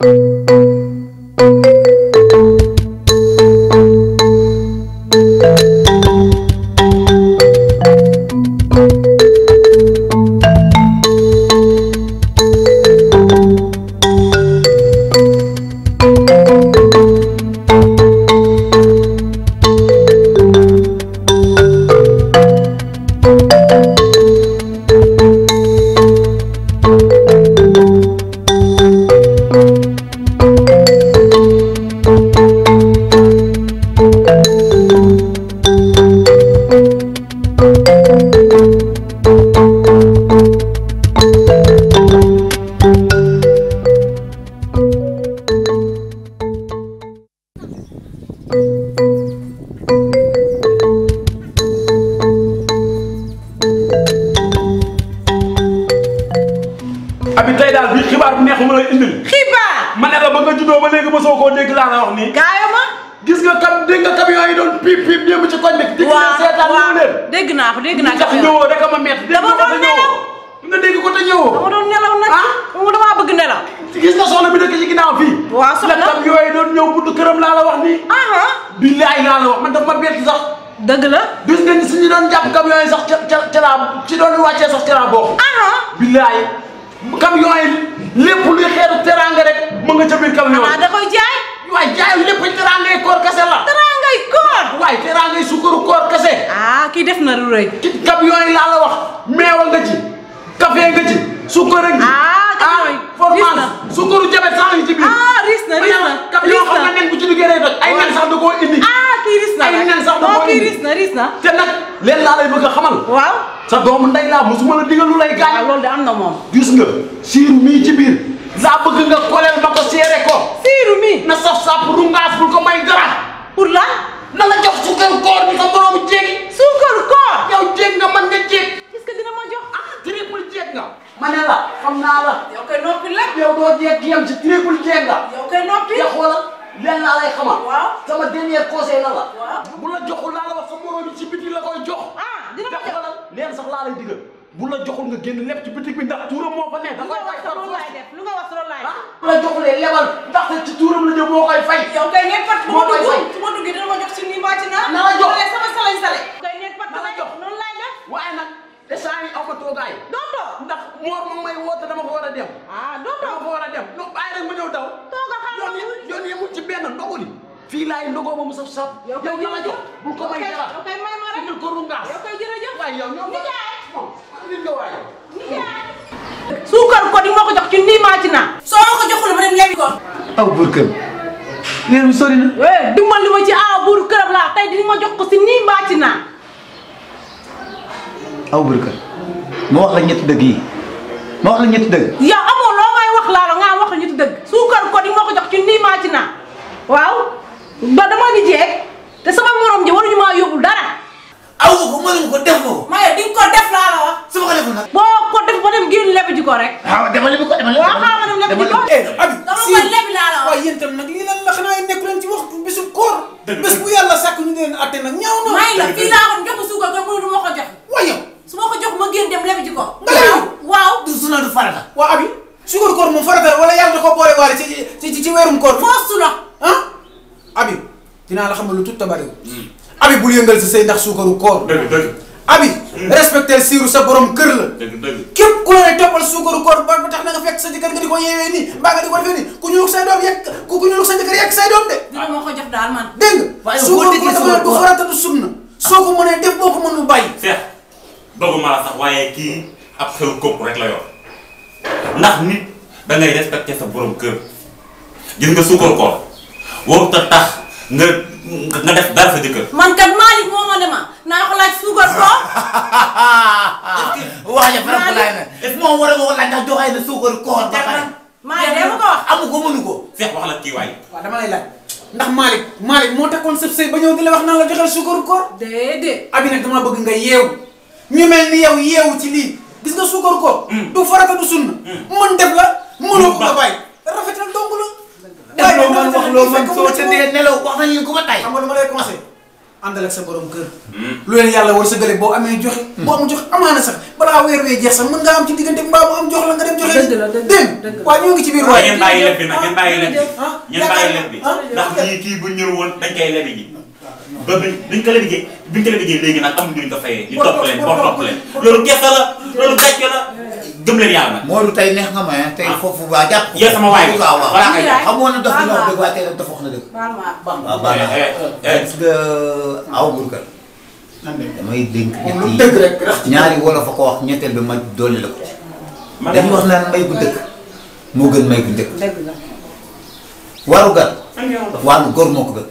Música abi tey daal bi xibaar bu neexuma lay indil xibaar ma ne la ba nga juddoo ba léegi mosoo koo dégg laa la wax nii gaayama gis nga kam dégg nga camion yi doon piip piip démb ci koñ bi dégg naa seetaan ñëw leen dégg naa ko dégg naa ko tax rek ma met dégg ko te nga dégg ko te ñëwoo dama doon nelaw nag ah damaa bëgg nelaw gis nga soxna bi dëkk ci ginnaaw fii waaw soxna kam yooyu doon ñëw buntu këram laa la wax nii aha billaay laa la wax man daf ma sax dëgg la gis nga suñu doon jàpp camion yi sax ca ca ci sax camion yi lépp luy xeetu teraanga rek mën nga ca biir camion yi. da koy jaay. waaye jaayul lépp teraangay koor kese la. teraangay koor. waaye teraangay sukkaru koor kese. ah kii def na lu rëy. ci camion yi wax meewa nga ci café nga ci sukkar nga ci. ah performance sukkaru jabet sax lañ ci biir. ah riis na riis na riis na yoo xam ne nen bu ci duggee da koo indi. ah riis na ay da oh, koo indi riis na riis na. te nag leen laa lay bëgg a xamal. waaw sa doomu ndey laa mosuma la digal lay gaañ. Ah, loolu de am na moom. gis nga siir mii ci biir. laa bëgg nga koleel ma ko seere ko. siiru mi na sa saf rungaas bul ko may dara. nga. yow kay noppi te xoolal lenn laa lay xamal. waaw sama dernier conseil la la. waaw bu la joxul laa la wax sa morom yi ci biti la koy jox. ah dina ko jox leen sax laa lay digal. bu la joxul nga génn lépp ci bitik bi ndax tuuram moo fa nekk. da koy fay loolu laay def lu nga wax loolu laay def. Ah, bu la joxulee lebal ndax ci tuuram la jëm moo koy fay. yow kay nekk pat moo koy fay su ma duggee dina ma jox si nii wàcc na. na la jox loolu sama salay sale. kay nekk pat na la jox noonu laay def. waaye nag te saa yi aw ma toogaay. dootoo ndax moor moom may woote dama ko war a dem. ah dootoo dama ko war a dem. ñëw daw. toog a xaaral yoon yoon yemul ci benn ndoguli. fii laay ndogoo ba mu saf saf. yow kay jërëjëf bul ko may dara yow kay may ma rek indil naa. soo ma ko buur kër weer eh, laa tey di ma jox ko nii maa ci buur kër ma wax la ñetti dëgg yi ma wax la ñetti dëgg. nii maa ci naa waaw ba dama ni jeeg te sama morom ji waruñu maa yóbbul dara. aw ko mënuñ ko def ko. def laa ma ko deful nag. boo ko def ba dem génn lebi ji ko rek. waaw dama lebi ko dama lebi ko waaw xaaral ma dem lebi ji ko. Eh, dama ko lebi la tam nag lii lan la xanaa nekk leen ci waxtu bisu koor. bés bu yàlla sàkk ñu leen atte nag na. may la fii laa woon jox suukar nga mënu ma ko jox. su ma ko jox ma génn ci ci weerum koor bi. foofu la. ah abi dinaa la xamal lu tut tabariw. Hmm. abi bul yëngal sa sëy ndax suukaru koor. dëgg dëgg. abi respecté siiru sa borom kër la. dëgg dëgg ku ne toppal suukaru koor ba tax na fekk sa jëkkër nga di ko yeewee nii mbaa nga di ko defee nii ku ñuulug say doom yekk ku ñuulug sa jëkkër yekk say doom de. dina ma ko jox daal du farata du sunna ah. soo ko mënee def boo ko mënul bàyyi. feex ma la kii ab xelu kopp ndax nit sa borom kër gis nga suukar koor warut a tax nga nga def dara sa jëkkër. man kat Malick moo a ne ma naa ko laaj suukar koor. wax ja faram laay na moom war a ko laaj ndax joxay na suukar koor. Malick ma ko wax amu ko mënu ko. wax la kii waay. waaw dama lay laaj ndax Malick Malick moo takkoon sëb sëy ba ñëw di la wax naa la joxal suukar koor. déedéet abi nag dama bëgg nga yeewu ñu mel ni yow yeewu ci lii gis nga suukar koor. Mm. du farata du sunna. Mm. loolu man soo tëddee ko ba tay xam nga lu ma lay sa borom kër hmm. lu leen yàlla war sa gële boo amee joxe hmm. boo amul joxe amaana sax balaa am ci diggante la nga dem joxe dégg waaye ñoo ngi ci biir waaye ngeen bi nag ngeen bàyyi ah, ah, kii bu ñëw woon dañ koy lebi ba bi biñ ko lebi ji biñ ko lebi ji léegi nag am duñ ko fayee ñu topp leen boo topp leen loolu gerte la loolu gàcce la gëm leen yàlla nag. Modou tey neex nga ma ah tey foofu waa jàpp. yéen sama waay bi waaw waaw xamoon na wax dëgg waaye damay dénk ñetti ñaari wolof a ko wax ñetteel bi ma dolli la ko ci. man wax naan may bu dëkk moo gën may bu dëkk. waru gan. waanu góor moo ko gën.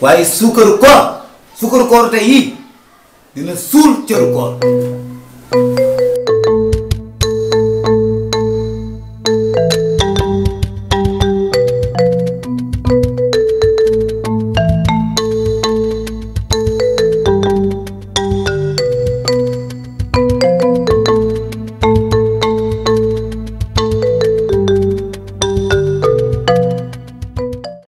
waaye suukaru koor suukaru koor tey yii dina suul cëru koor.